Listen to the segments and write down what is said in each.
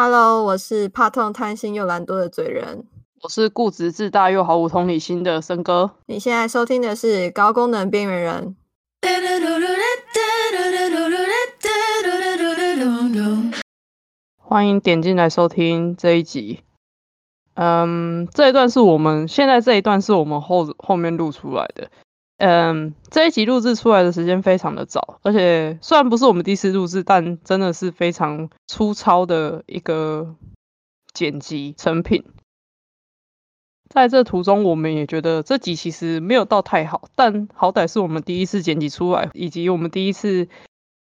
Hello，我是怕痛、貪心又懶惰的嘴人。我是固執、自大又毫無同理心的笙歌。你現在收聽的是高功能邊緣人。歡迎點進來收聽這一集。嗯，這一段是我們現在，這一段是我們後後面錄出來的。嗯，這一集錄制出來的時間非常的早，而且雖然不是我們第一次錄制，但真的是非常粗糙的一個剪輯成品。在這途中，我們也覺得這集其實沒有到太好，但好歹是我們第一次剪輯出來，以及我們第一次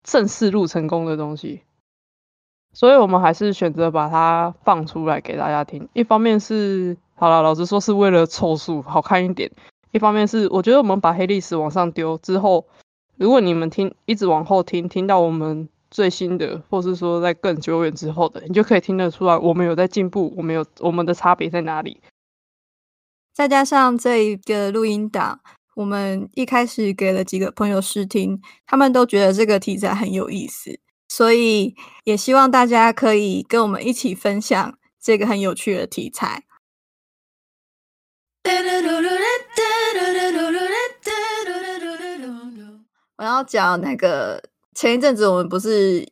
正式錄成功的東西，所以我們還是選擇把它放出來給大家聽。一方面是，好啦，老實說是為了湊數，好看一點。一方面是我覺得我們把黑歷史往上丟之後，如果你們聽一直往後聽，聽到我們最新的，或是說在更久遠之後的，你就可以聽得出來我們有在進步，我們有我們的差別在哪裡。再加上這一個錄音檔，我們一開始給了幾個朋友試聽，他們都覺得這個題材很有意思，所以也希望大家可以跟我們一起分享這個很有趣的題材。我要講那個前一陣子我們不是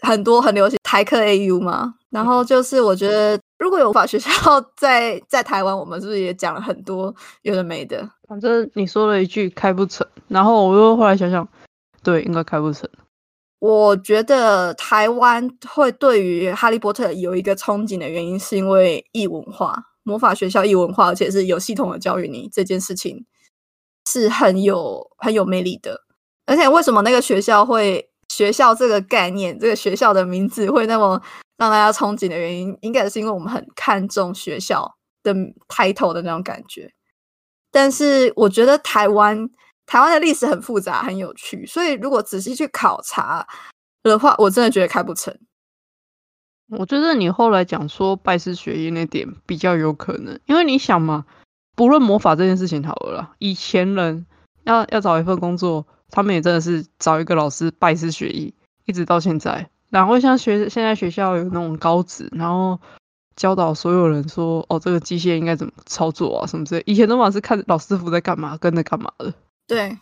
很多很流行台客 AU 嗎？然後就是我覺得如果有魔法學校在在台灣，我們是不是也講了很多有的沒的？反正、啊、你說了一句開不成，然後我又後來想想，對，應該開不成。我覺得台灣會對於哈利波特有一個憧憬的原因，是因為異文化魔法學校異文化，而且是有系統的教育你，你這件事情是很有很有魅力的。而且為什麼那個學校會學校這個概念，這個學校的名字會那麼讓大家憧憬的原因，應該是因為我們很看重學校的 title 的那種感覺。但是我覺得台灣台灣的歷史很複雜，很有趣，所以如果仔細去考察的話，我真的覺得開不成。我覺得你後來講說拜師學藝那點比較有可能，因為你想嘛，不論魔法這件事情好了啦，以前人要要找一份工作。他們也真的是找一個老師拜師學藝，一直到現在。然後像學，現在學校有那種高職，然後教導所有人說：“哦，這個機械應該怎麼操作啊，什麼之類。”以前都嘛是看老師傅在幹嘛，跟着幹嘛的。對，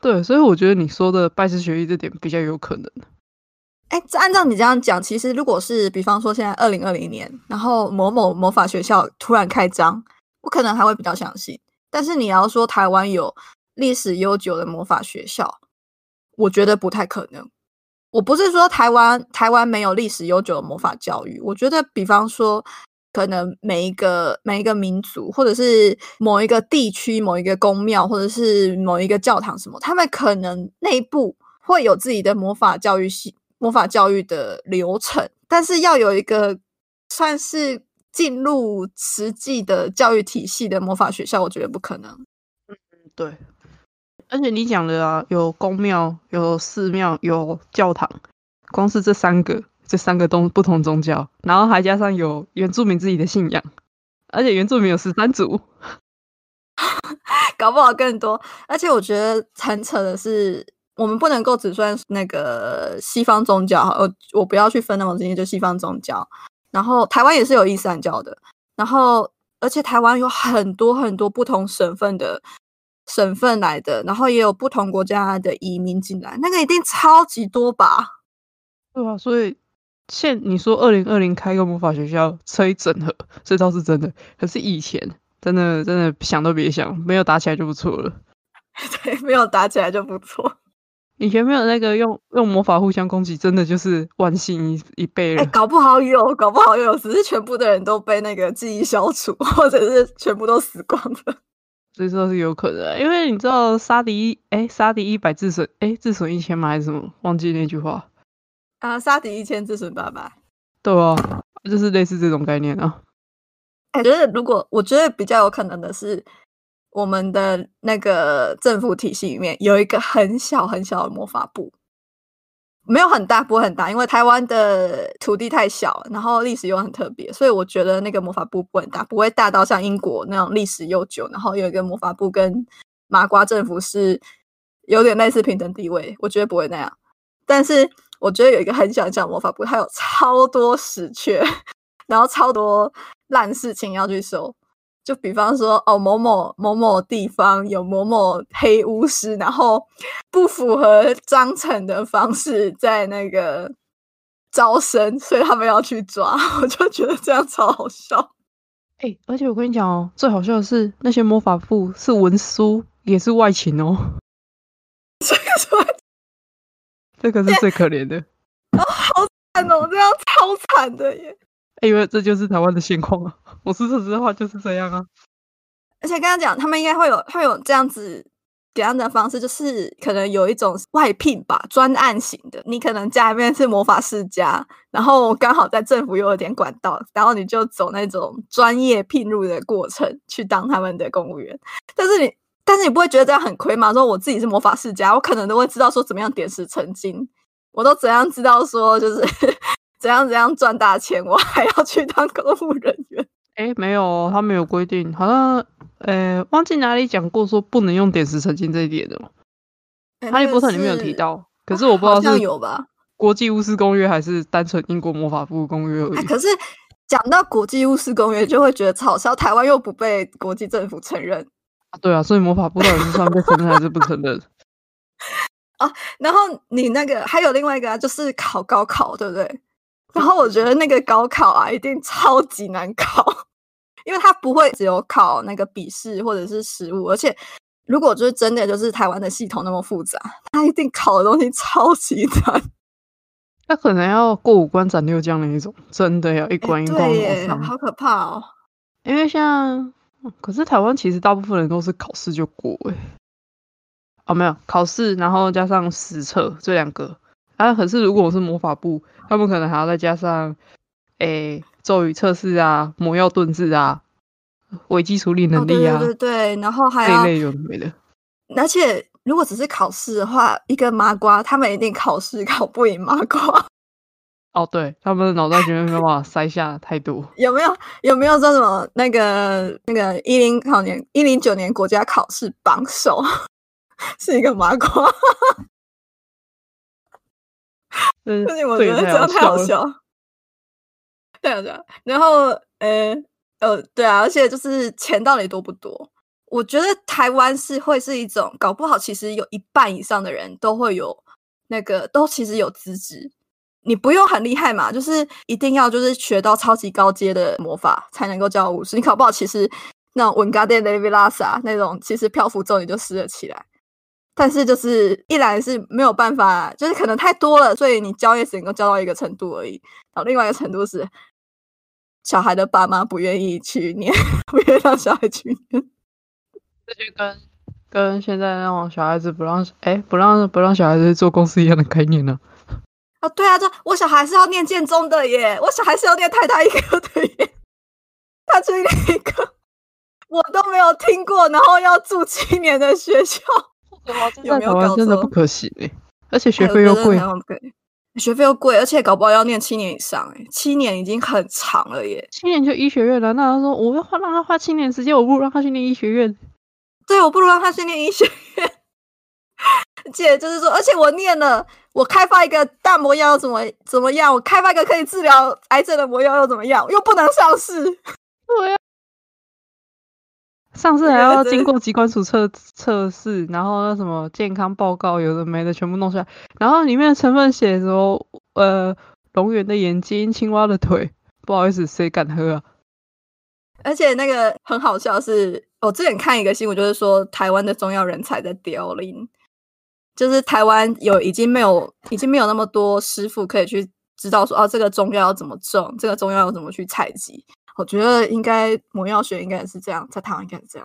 對，所以我覺得你說的拜師學藝這點比較有可能。誒這、欸、按照你這樣講，其實如果是比方說現在二零二零年，然後某某魔法學校突然開張，我可能還會比較相信。但是你要說台灣有。歷史悠久的魔法學校，我覺得不太可能。我不是說台灣台灣沒有歷史悠久的魔法教育，我覺得比方說，可能每一個每一個民族，或者是某一個地區、某一個宮廟，或者是某一個教堂什麼，他們可能內部會有自己的魔法教育系、魔法教育的流程，但是要有一個算是進入實際的教育體系的魔法學校，我覺得不可能。嗯，對。而且你講的啊，有宮廟、有寺廟、有教堂，光是這三個，這三個都不同宗教，然後還加上有原住民自己的信仰，而且原住民有十三族，搞不好更多。而且我覺得很扯的是，我們不能夠只算那個西方宗教，我我不要去分那麼精細，就西方宗教。然後台灣也是有伊斯蘭教的，然後而且台灣有很多很多不同省份的。省份來的，然後也有不同國家的移民進來，那個一定超級多吧？對啊，所以現你說二零二零開個魔法學校一整合，這倒是真的。可是以前真的真的，真的想都別想，沒有打起來就不錯了。 對，沒有打起來就不錯。以前沒有那個用用魔法互相攻擊，真的就是萬幸一一輩哎、欸，搞不好有，搞不好有，只是全部的人都被那個記憶消除，或者是全部都死光了。所以說是有可能，因為你知道殺敵哎，殺敵一百自損哎，自損一千嗎？還是什麼？忘記那句話啊，殺敵、呃、一千自損八百。對啊，就是類似這種概念啊。我覺得如果我覺得比較有可能的是，我們的那個政府體系裡面有一個很小很小的魔法部。沒有很大，不會很大，因為台灣的土地太小，然後歷史又很特別，所以我覺得那個魔法部不很大，不會大到像英國那種歷史悠久，然後有一個魔法部跟麻瓜政府是有點類似平等地位，我覺得不會那樣。但是我覺得有一個很小很小的魔法部，它有超多屎缺，然後超多爛事情要去收。就比方說，哦，某某某某地方有某某黑巫師，然後不符合章程的方式在那個招生，所以他們要去抓。我就覺得這樣超好笑。哎、欸，而且我跟你講哦，最好笑的是那些魔法部是文書，也是外勤哦。所以 這個是最可憐的，欸。哦，好慘哦，這樣超慘的耶。欸、因為這就是台灣的現況啊！我說事實的話就是這樣啊。而且剛剛講，他們應該會有會有這樣子怎樣的方式，就是可能有一種外聘吧，專案型的。你可能家裡面是魔法世家，然後剛好在政府又有點管道，然後你就走那種專業聘入的過程去當他們的公務員。但是你，但是你不會覺得這樣很虧嗎？說我自己是魔法世家，我可能都會知道說怎麼樣點石成金，我都怎樣知道說就是。 怎樣怎樣賺大錢？我還要去當公務人員？哎、欸，沒有，哦，他沒有規定，好像呃、欸、忘記哪裡講過說不能用點石成金這一點的。欸、那個、哈利波特裡面有提到，可是我不知道是國際巫師公約還是單純英國魔法部公約，欸。可是講到國際巫師公約，就會覺得嘲笑台灣又不被國際政府承認，啊。對啊，所以魔法部到底是算不承認還是不承認？哦 、啊，然後你那個還有另外一個、啊、就是考高考，對不對？然後我覺得那個高考啊，一定超級難考，因為它不會只有考那個筆試或者是實物，而且如果就是真的就是台灣的系統那麼複雜，它一定考的東西超級難。他可能要過五關斬六將那一種，真的要一關一關過，欸，好可怕哦！因為像可是台灣其實大部分人都是考試就過誒。哦沒有考試，然後加上實測這兩個。啊！可是如果我是魔法部，他們可能還要再加上，哎、欸，咒語測試啊，魔藥燉製啊，危機處理能力啊。哦、對，對對對，然後還有這一類沒的？而且如果只是考試的話，一個麻瓜，他們一定考試考不贏麻瓜。哦，對，他們的腦袋裡面沒有辦法塞下的太多 有有。有沒有有沒有說什麼那個那個一零考年一零九年國家考試榜首， 是一個麻瓜？ 對、嗯、我覺得這樣太好笑，對啊、嗯、 這，這樣，然後呃、欸、呃，對啊，而且就是錢到底多不多？我覺得台灣是會是一種，搞不好其實有一半以上的人都會有那個，都其實有資質，你不用很厲害嘛，就是一定要就是學到超級高階的魔法才能夠叫巫師。你搞不好其實那種文嘎德的維拉薩那種，其實漂浮咒你就施了起來。但是就是一來是沒有辦法，就是可能太多了，所以你教也只能夠教到一個程度而已。然後另外一個程度是，小孩的爸媽不願意去念，不願意讓小孩去念。這就跟跟現在那種小孩子不讓哎，不讓不讓小孩子做公司一樣的概念呢、啊。啊、哦，對啊就，我小孩是要念建中的耶，我小孩是要念台大一個的耶。他去哪一個？我都沒有聽過，然後要住七年的學校。有沒有真的不可惜、欸、而且學費又貴、欸，學費又貴，而且搞不好要念七年以上哎、欸，七年已經很長了耶、欸，七年就醫學院了。那他說我要花，讓他花七年時間，我不如讓他去念醫學院。對，我不如讓他去念醫學院。 姐就是說，而且我念了，我開發一個大魔藥，怎麼怎麼樣？我開發一個可以治療癌症的魔藥，又怎麼樣？又不能上市，我要，啊。上次還要經過疾管署測測試，然後那什麼健康報告有的沒的全部弄出來，然後裡面的成分寫說，呃，龍源的眼睛，青蛙的腿，不好意思，誰敢喝啊？而且那個很好笑是，我之前看一個新聞，就是說台灣的中藥人才在凋零，就是台灣有已經沒有，已經沒有那麼多師傅可以去知道說，哦、啊，這個中藥要怎麼種，這個中藥要怎麼去採集。我覺得應該魔藥學應該也是這樣，在台灣應該也是這樣。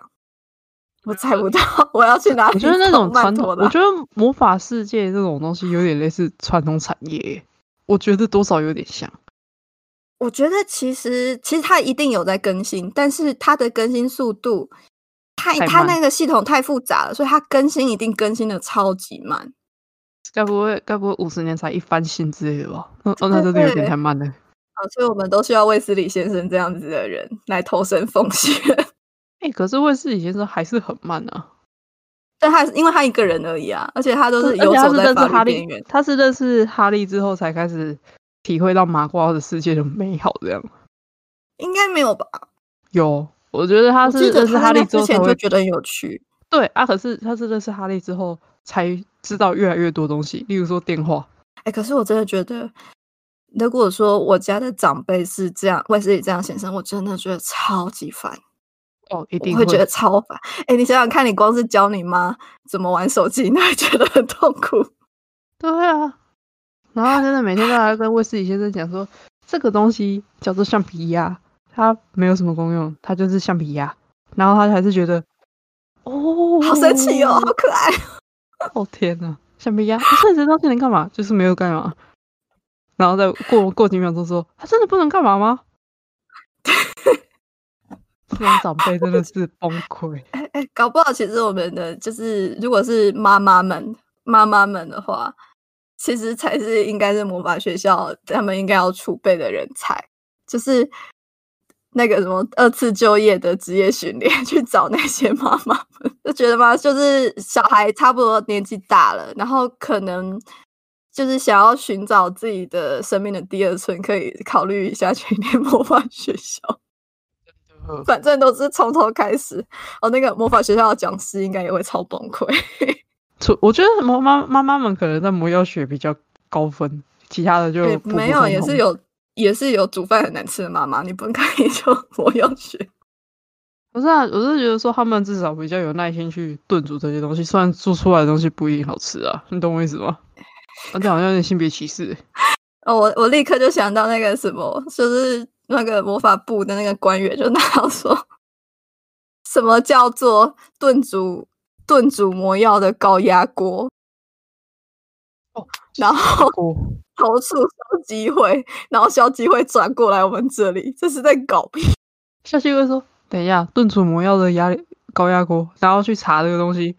我猜不到我要去哪。我覺得那種傳統的，我覺得魔法世界這種東西有點類似傳統產業，我覺得多少有點像。我覺得其實其實它一定有在更新，但是它的更新速度，它它那個系統太複雜了，太慢。所以它更新一定更新的超級慢。該不會該不會五十年才一翻新之類的吧？對對。哦，那真的有點太慢了。啊，所以我們都需要衛斯理先生這樣子的人來投身奉獻。哎、 欸，可是衛斯理先生還是很慢啊，但他還是因為他一個人而已啊，而且他都是而且他是認識哈利，他是認識哈利之後才開始體會到麻瓜的世界的美好，這樣？應該沒有吧？有，我覺得他是認識哈利之,之前就覺得很有趣。對啊，可是他是認識哈利之後才知道越來越多東西，例如說電話。哎、欸，可是我真的覺得。如果說我家的長輩是這樣衛斯理這樣先生，我真的覺得超級煩哦，一定會，會覺得超煩。誒，你想想看，你光是教你媽怎麼玩手機，都會覺得很痛苦。對啊，然後真的每天都在跟衛斯理先生講說， 這個東西叫做橡皮鴨，它沒有什麼功用，它就是橡皮鴨。然後他還是覺得，哦，好神奇哦，好可愛。哦天哪，橡皮鴨，你說這東西能幹嘛？就是沒有幹嘛。然後再過過幾秒鐘說，說、啊、他真的不能幹嘛嗎？這種 長輩真的是崩潰、 欸欸。搞不好其實我們的就是，如果是媽媽們媽媽們的話，其實才是應該是魔法學校他們應該要儲備的人才，就是那個什麼二次就業的職業訓練，去找那些媽媽們就覺得吧，就是小孩差不多年紀大了，然後可能。就是想要尋找自己的生命的第二春，可以考慮一下去念魔法學校。嗯。反正都是從頭開始哦。那個魔法學校的講師應該也會超崩潰。我覺得媽媽媽媽們可能在魔藥學比較高分，其他的就不不分，欸、沒有，也是有也是有煮飯很難吃的媽媽。你不看就魔藥學。不是啊，我是覺得說他們至少比較有耐心去燉煮這些東西，雖然做出來的東西不一定好吃啊，你懂我意思嗎？他這、啊、好像有點性別歧視哦！我我立刻就想到那個什麼，就是那個魔法部的那個官員就那樣說，什麼叫做燉煮燉煮魔藥的高壓鍋？哦，然後投訴鍋消基會，然後消基會轉過來我們這裡，這是在搞消基會說：“等一下，燉煮魔藥的壓力高壓鍋。”然後去查這個東西。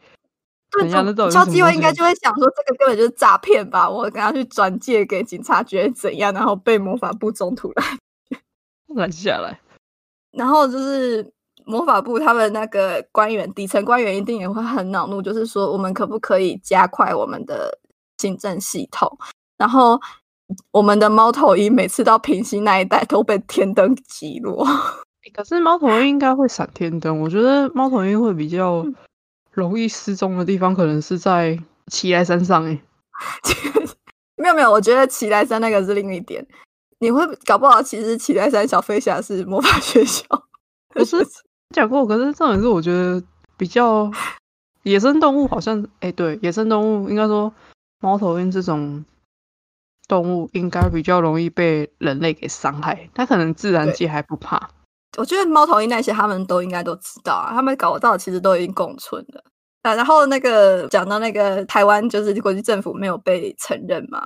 超級我應該就會想說，這個根本就是詐騙吧！我趕快去轉借給警察局怎樣？然後被魔法部中途攔攔下來。然後就是魔法部他們那個官員，底層官員一定也會很惱怒，就是說我們可不可以加快我們的行政系統？然後我們的貓頭鷹每次到平溪那一帶都被天燈擊落。可是貓頭鷹應該會閃天燈，我覺得貓頭鷹會比較。嗯容易失蹤的地方可能是在奇萊山上誒，沒有沒有，我覺得奇萊山那個是另一點。你會搞不好，其實奇萊山小飛俠是魔法學校。可是，是講過，可是這種是我覺得比較野生動物，好像誒、 欸、對，野生動物應該說貓頭鷹這種動物應該比較容易被人類給傷害，它可能自然界還不怕。我覺得貓頭鷹那些他們都應該都知道啊，他們搞到其實都已經共存了啊。然後那個講到那個台灣，就是國際政府沒有被承認嘛，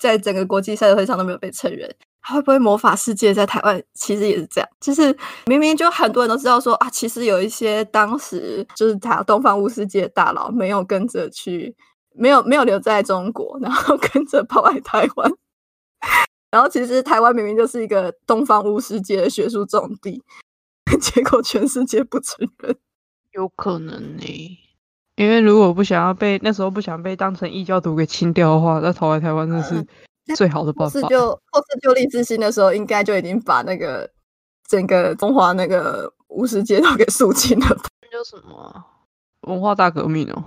在整個國際賽事會上都沒有被承認。他會不會魔法世界在台灣其實也是這樣？就是明明就很多人都知道說啊，其實有一些當時就是他東方巫師界的大佬沒有跟着去，沒有沒有留在中國，然後跟着跑來台灣。 然後其實台灣明明就是一個東方巫師界的學術重地，結果全世界不承認。有可能呢、欸，因為如果不想要被那時候不想被當成異教徒給清掉的話，那逃來台灣真的是最好的辦法。或、嗯、是後世就或世就立之心的時候，應該就已經把那個整個中華那個巫師界都給肅清了。那叫什麼文化大革命哦？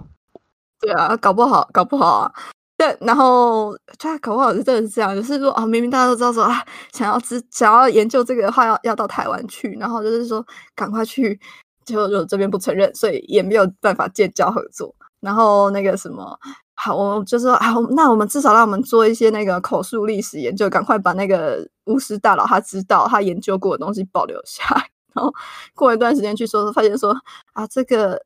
對啊，搞不好，搞不好啊。對，然後就搞不好就真的是這樣，就是說啊，明明大家都知道說啊，想要知，想要研究這個的話，要要到台灣去，然後就是說趕快去，就就這邊不承認，所以也沒有辦法建交合作。然後那個什麼，好，我就說啊，那我們至少讓我們做一些那個口述歷史研究，趕快把那個巫師大佬他知道他研究過的東西保留下來，然後過一段時間去說，發現說啊這個。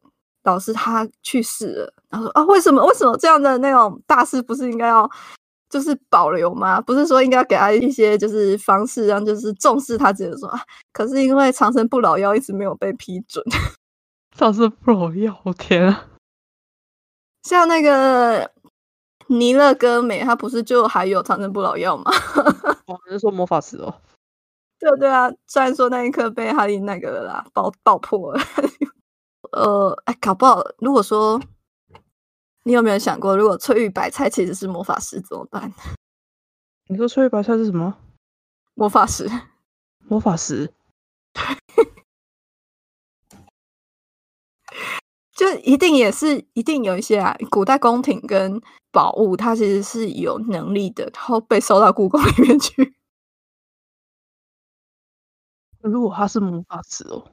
老師他去世了，然後說啊，為什麼為什麼這樣的那種大師，不是應該要就是保留嗎？不是說應該給他一些就是方式，然後就是重視他自己，直接說。可是因為長生不老藥一直沒有被批准。長生不老藥，我天啊！像那個尼樂哥美，他不是就還有長生不老藥嗎？ 哦，你是說魔法石哦？ 對對啊，雖然說那一刻被哈利那個了啦，爆爆破了。 呃，哎、欸，搞不好。如果說你有沒有想過，如果翠玉白菜其實是魔法師怎麼辦？你說翠玉白菜是什麼？魔法師，魔法師， 就一定也是一定有一些啊，古代宮廷跟寶物，它其實是有能力的，然後被收到故宮裡面去。如果它是魔法師哦，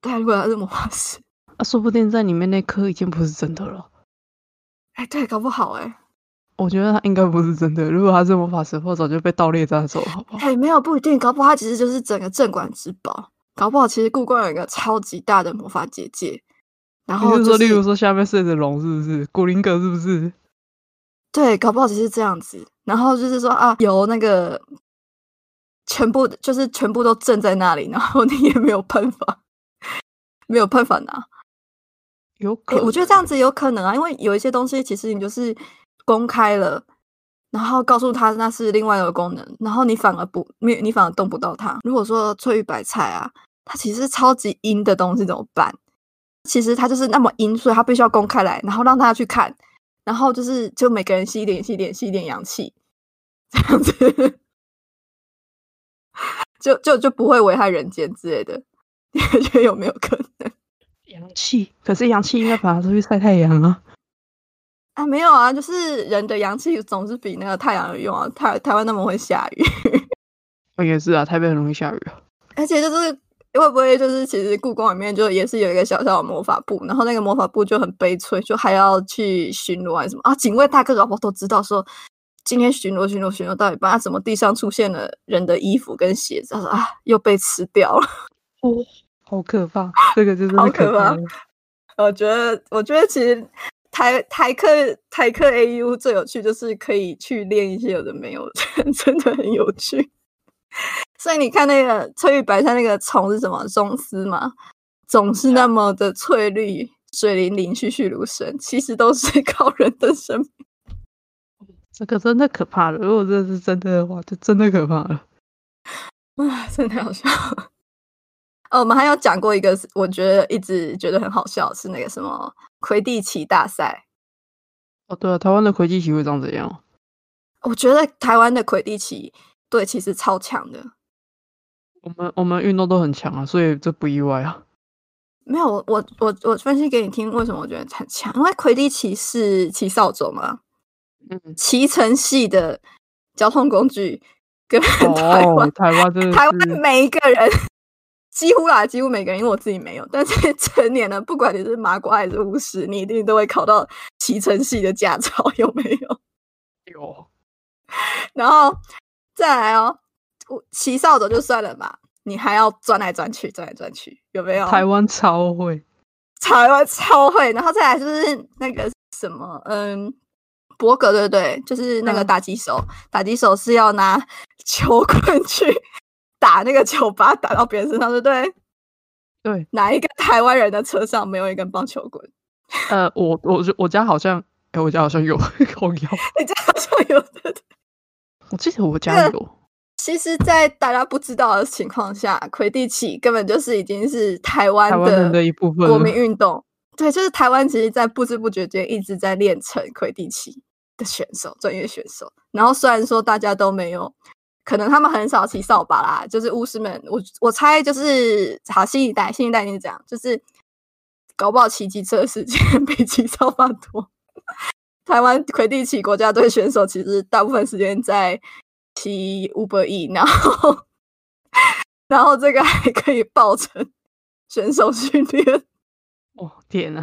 對，如果它是魔法師。啊、說不定在裡面那顆已經不是真的了。哎、欸，對，搞不好哎、欸，我覺得它應該不是真的。如果它是魔法石，早就被盜獵帶走，好不好？哎，沒有，不一定，搞不好它其實就是整個鎮館之寶。搞不好其實故宮有一個超級大的魔法結界，然後就，是、你就說，例如說下面睡着龍，是不是？古靈閣是不是？對，搞不好其實這樣子。然後就是說啊，有那個全部就是全部都鎮在那裡，然後你也沒有辦法，沒有辦法拿。有可能。欸，我覺得這樣子有可能啊，因為有一些東西，其實你就是公開了，然後告訴他那是另外一個功能，然後你反而不，沒有，你反而動不到它。如果說翠玉白菜啊，它其實是超級陰的東西，怎麼辦？其實它就是那麼陰，所以它必須要公開來，然後讓大家去看，然後就是就每個人吸一點，吸一點，吸一點陽氣，這樣子， 就就就不會危害人間之類的。你覺得有沒有可能？陽氣，可是陽氣應該跑出去曬太陽啊！啊，沒有啊，就是人的陽氣總是比那個太陽有用啊。泰台台灣那麼會下雨，也是啊，台北很容易下雨啊。而且就是會不會就是其實故宮裡面就也是有一個小小的魔法部，然後那個魔法部就很悲催，就還要去巡邏還是什麼啊？警衛大哥老婆都知道說，今天巡邏巡邏巡邏到底，啊，把什麼地上出現了人的衣服跟鞋子他啊，又被吃掉了。嗯。好可怕，這個就是。好可怕。我覺得，我覺得其實台台客台客 AU 最有趣，就是可以去練一些有的沒有，真的很有趣。所以你看那個翠玉白菜，那個蟲是什麼？螽斯嘛，總是那麼的翠綠、水靈靈、栩栩如生，其實都是高人的生命。這個真的可怕了，如果這是真的的話，就真的可怕了。啊，真的太好笑。哦，我們還有講過一個，我覺得一直覺得很好笑是那個什麼魁地奇大賽。哦，對啊，台灣的魁地奇會長怎樣？我覺得台灣的魁地奇對其實超強的我。我們我們運動都很強啊，所以這不意外啊。沒有，我我我我分析給你聽，為什麼我覺得很強？因為魁地奇是騎掃帚嘛，嗯，騎乘系的交通工具，跟台灣、哦哦、台灣的台灣每一個人。 幾乎啦、啊，幾乎每個人，因為我自己沒有。但是成年了，不管你是麻瓜還是巫師，你一定都會考到騎乘系的駕照，有沒有？有。然後再來哦，騎掃帚就算了吧，你還要轉來轉去，轉來轉去，有沒有？台灣超會，台灣超會。然後再來就是，是那個什麼，嗯，博格對不對？就是那個打擊手，嗯、打擊手是要拿球棍去。打那個球吧，打到別人身上，對不對？對，哪一個台灣人的車上沒有一根棒球棍？呃，我我我家好像，哎、欸，我家好像有，我有，有 你家好像有，我記得我家有。其實，在大家不知道的情況下，魁地奇根本就是已經是台灣台灣人的一部分國民運動。對，就是台灣，其實，在不知不覺間一直在練成魁地奇的選手，專業選手。然後，雖然說大家都沒有。可能他們很少騎掃把啦，就是巫師們，我我猜就是好新一代，新一代你講，就是搞不好騎機車的時間比騎掃把多。 台灣魁地奇國家隊選手其實大部分時間在騎 Uber E 然後 然後這個還可以報成選手訓練。哦天哪！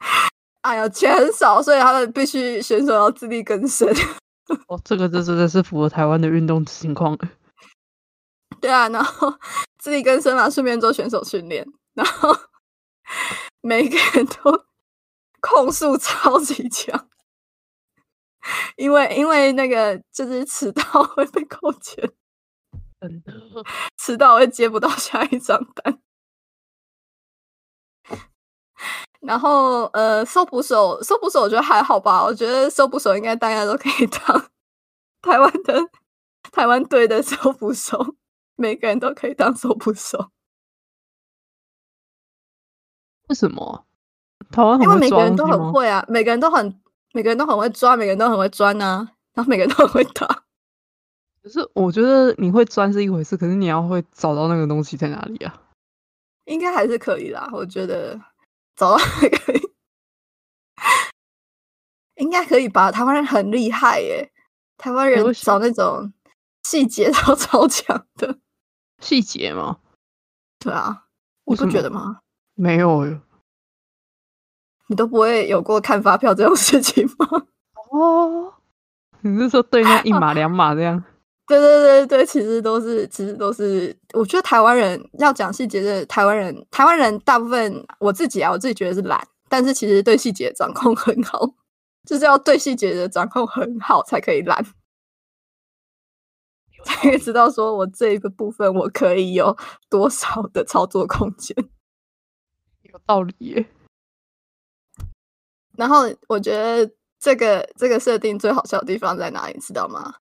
啊！哎呀，錢很少，所以他們必須選手要自力更生。哦，這個這真的是符合台灣的運動的情況。 對啊，然後自力更生嘛，順便做選手訓練，然後每一個人都控訴超級強， 因為因為那個就是遲到會被扣錢，遲、嗯、到我會接不到下一張單。然後，呃，搜捕手，搜捕手，我覺得還好吧。我覺得搜捕手應該大家都可以當。台灣的台灣隊的搜捕手，每個人都可以當搜捕手。為什麼？台灣因為每個人都很會啊，嗎每個人都很，每個人都很會抓，每個人都很會鑽啊。然後每個人都很會打。可是，我覺得你會鑽是一回事，可是你要會找到那個東西在哪裡啊？應該還是可以啦，我覺得。走。到可以，應該可以吧？台灣人很厲害耶，欸，台灣人找那種細節超超強的細節嗎？對啊，你不覺得嗎？沒有，你都不會有過看發票這種事情嗎？ 哦，你是說對面一碼兩碼這樣？ 對對對對，其實都是，其實都是。我覺得台灣人要講細節的，台灣人，台灣人大部分我自己啊，我自己覺得是懶，但是其實對細節的掌控很好，就是要對細節的掌控很好才可以懶，才可以知道說我這一個部分我可以有多少的操作空間。有道理耶。 然後我覺得這個這個設定最好笑的地方在哪裡，你知道嗎？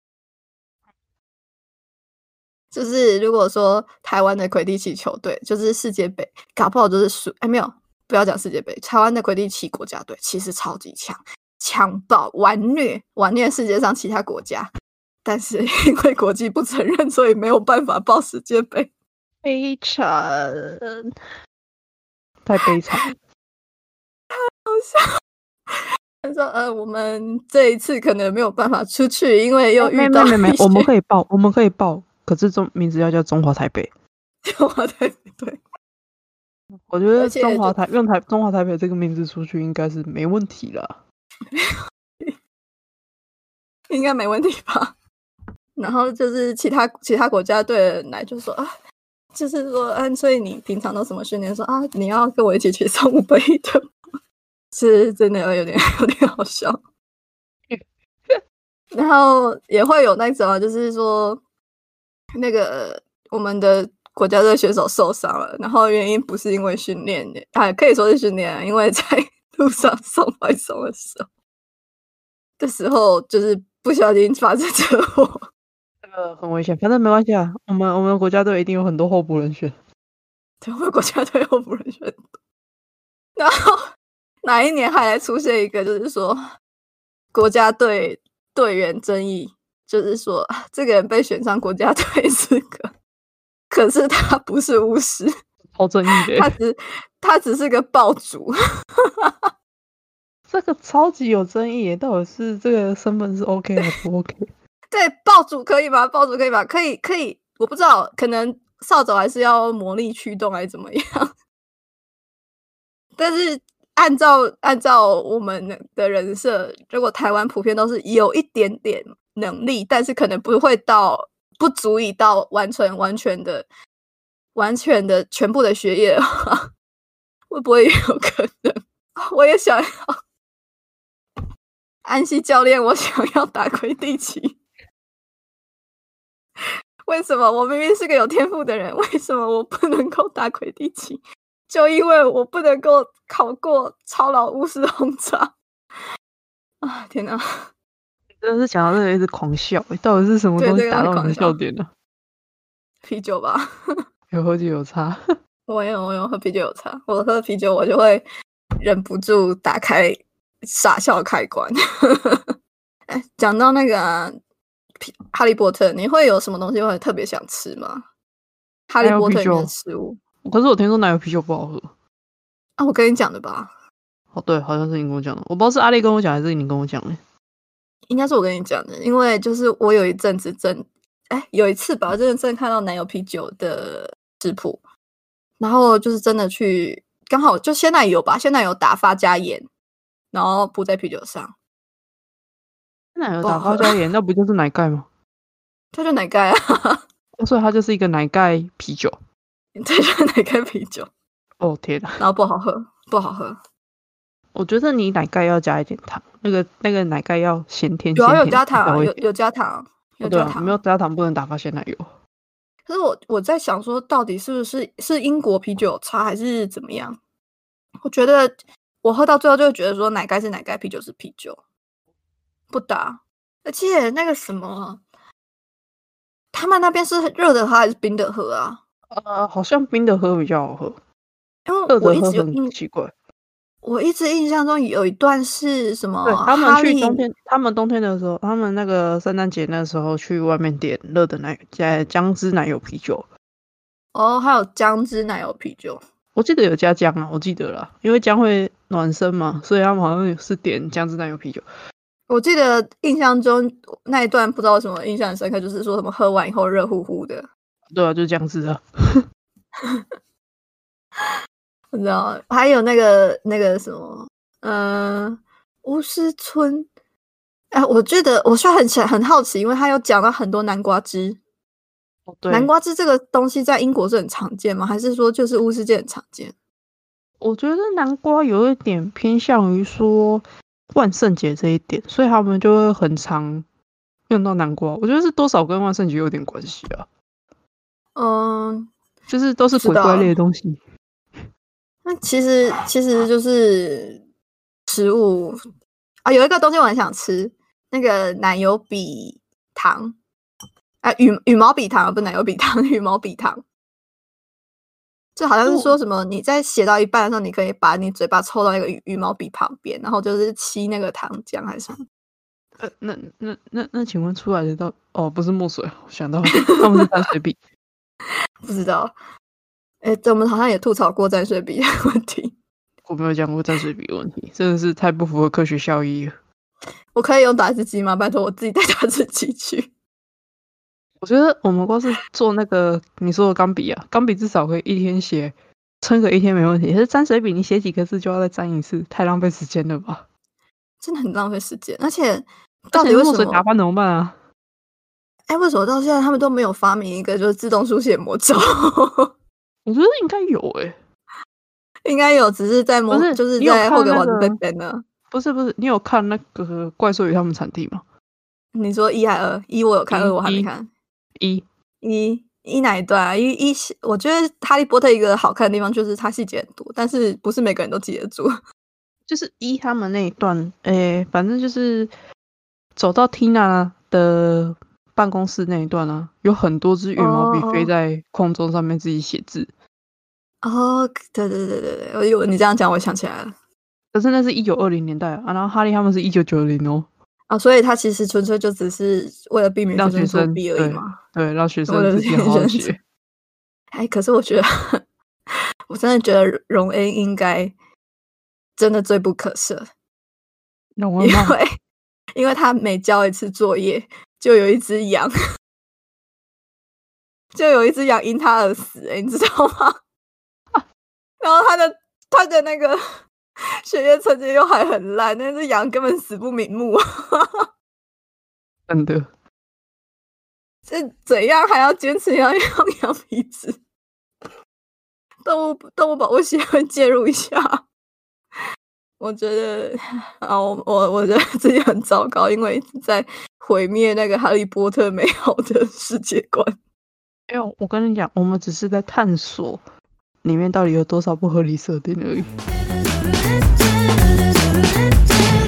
就是如果說台灣的魁地奇球隊，就是世界杯搞不好就是輸哎，誒沒有，不要講世界杯，台灣的魁地奇國家隊其實超級強，強到完虐完虐世界上其他國家，但是因為國際不承認，所以沒有辦法報世界杯，悲慘。 太悲慘， 好像笑，他說呃，我們這一次可能沒有辦法出去，因為又遇到沒，沒沒沒，我們可以報，我們可以報。可是中名字要叫中華台北， 中華台北對，我覺得中華台用台中華台北這個名字出去應該是沒問題了， 應該沒問題吧。然後就是其他其他國家隊的人來就說啊，就是說，嗯、啊，所以你平常都什麼訓練？說啊，你要跟我一起去送杯的，是真的有點有點好笑。 然後也會有那種、啊、就是說。那個我們的國家隊選手受傷了，然後原因不是因為訓練也，哎、啊，可以說是訓練，因為在路上送外送的時候的時候，的時候就是不小心發生車禍。個、呃、很危險，反正沒關係啊。我們我們國家隊一定有很多候補人選。對，我們國家隊候補人選，然後哪一年還來出現一個，就是說國家隊隊員爭議。就是說，這個人被選上國家隊資格，可是他不是巫師，好爭議。他只他只是個爆竹， 這個超級有爭議耶。到底是這個身份是 OK 還是不 OK？ 對，爆竹可以吧？爆竹可以吧？可以可以。我不知道，可能掃帚還是要魔力驅動，還是怎麼樣？ 但是按照按照我們的人設，如果台灣普遍都是有一點點。能力，但是可能不會到不足以到完成完全的、完全的全部的學業的，會不會也有可能？我也想要、啊、安西教練，我想要打魁地奇。為什麼我明明是個有天賦的人，為什麼我不能夠打魁地奇？就因為我不能夠考過超勞巫師轟炸啊！天哪！真的是想到這裡一直狂笑、欸，到底是什麼東西打到你的笑點呢？啊這個？啤酒吧，有喝就有差。我也有我也有喝啤酒有差，我喝啤酒我就會忍不住打開傻笑的開關。講、 欸、到那個、啊、哈利波特，你會有什麼東西會特別想吃嗎？哈利波特裡面的食物。可是我聽說奶油啤酒不好喝。啊，我跟你講的吧。哦，對，好像是你跟我講的。我不知道是阿麗跟我講還是你跟我講的應該是我跟你講的，因為就是我有一陣子真，哎、欸，有一次吧，真的真的看到奶油啤酒的食譜，然後就是真的去，剛好就鮮奶油吧，鮮奶油打發加鹽，然後鋪在啤酒上，鮮奶油打發加鹽，那不就是奶蓋嗎？它就奶蓋啊、哦，所以它就是一個奶蓋啤酒，對，就是奶蓋啤酒。哦天哪、啊，然後不好喝，不好喝。我覺得你奶蓋要加一點糖，那個那個奶蓋要鹹甜，主要有加糖，啊，有加糖，有有加糖，有加糖，沒有加糖不能打發鮮奶油。可是我我在想說，到底是不是是英國啤酒有差，還是怎麼樣？我覺得我喝到最後就覺得說，奶蓋是奶蓋，啤酒是啤酒，不搭。而且那個什麼，他們那邊是熱的喝還是冰的喝啊？呃，好像冰的喝比較好喝，因為我一直熱的喝很奇怪。我一直印象中有一段是什麼？他們去冬天，利他們冬天的時候，他們那個聖誕節那時候去外面點熱的奶，加薑汁奶油啤酒。哦，oh, 還有薑汁奶油啤酒，我記得有加薑啊，我記得了，因為薑會暖身嘛，所以他們好像是點薑汁奶油啤酒。我記得印象中那一段不知道什麼印象深刻，就是說什麼喝完以後熱乎乎的。對啊，就是薑汁啊。 你知道，還有那個那個什麼，嗯、呃，巫師村。哎、呃，我覺得我雖然很很很好奇，因為他有講到很多南瓜汁。哦、南瓜汁這個東西在英國是很常見嗎？還是說就是巫師界很常見？我覺得南瓜有一點偏向於說萬聖節這一點，所以他們就會很常用到南瓜。我覺得是多少跟萬聖節有點關係啊。嗯，就是都是鬼怪類的東西。那其實其實就是食物啊，有一個東西我很想吃，那個奶油筆糖，哎、啊，羽羽毛筆糖，不是奶油筆糖，羽毛筆糖。這好像是說什麼？你在寫到一半的時候，你可以把你嘴巴湊到一個羽、羽毛筆旁邊，然後就是吸那個糖漿還是什麼？呃，那那那那，那那請問出來的到哦，不是墨水，我想到了， 他們是蘸水筆， 不知道。哎、欸，我們好像也吐槽過蘸水筆的問題。我沒有講過蘸水筆問題，真的是太不符合科學效益了。我可以用打字機嗎？拜託，我自己帶打字機去。我覺得我們光是做那個你說的鋼筆啊，鋼筆至少可以一天寫，撐個一天沒問題。可是沾水筆，你寫幾個字就要再蘸一次，太浪費時間了吧？真的很浪費時間。而且，到底為什麼打字那麼慢啊？哎、欸，為什麼到現在他們都沒有發明一個就是自動書寫魔咒？ 我覺得應該有誒、欸，應該有，只是在不是就是在，那個，霍格華茲那邊呢。不是不是，你有看那個怪獸與他們產地嗎？你說一還二？一我有看，一二我還沒看。一，一，一，一哪一段啊？一，一，我覺得《哈利波特》一個好看的地方就是它細節很多，但是不是每個人都記得住。就是一他們那一段，誒、哎，反正就是走到 Tina 的辦公室那一段啊，有很多隻羽毛筆飛在空中上面自己寫字。Oh. 哦，對、oh, 對對對對，我以為你這樣講，我想起來了。可是那是一九二零年代啊，啊，然後哈利他們是一九九零哦。啊、哦，所以他其實純粹就只是為了避免 B 讓學生作弊而已嘛對。對，讓學生自己好好學。哎，可是我覺得，我真的覺得榮恩應該真的罪不可赦。因為，因為他每交一次作業，就有一只羊， 就有一只羊因他而死、欸，哎，你知道嗎？然後他的他的那個學業成績又還很爛，但是羊根本死不瞑目 真的，是怎樣還要堅持要養羊鼻子？動物動物保護協會介入一下。我覺得啊，我我覺得自己很糟糕，因為在毀滅那個哈利波特美好的世界觀。哎呦，我跟你講，我們只是在探索。裡面到底有多少不合理設定而已？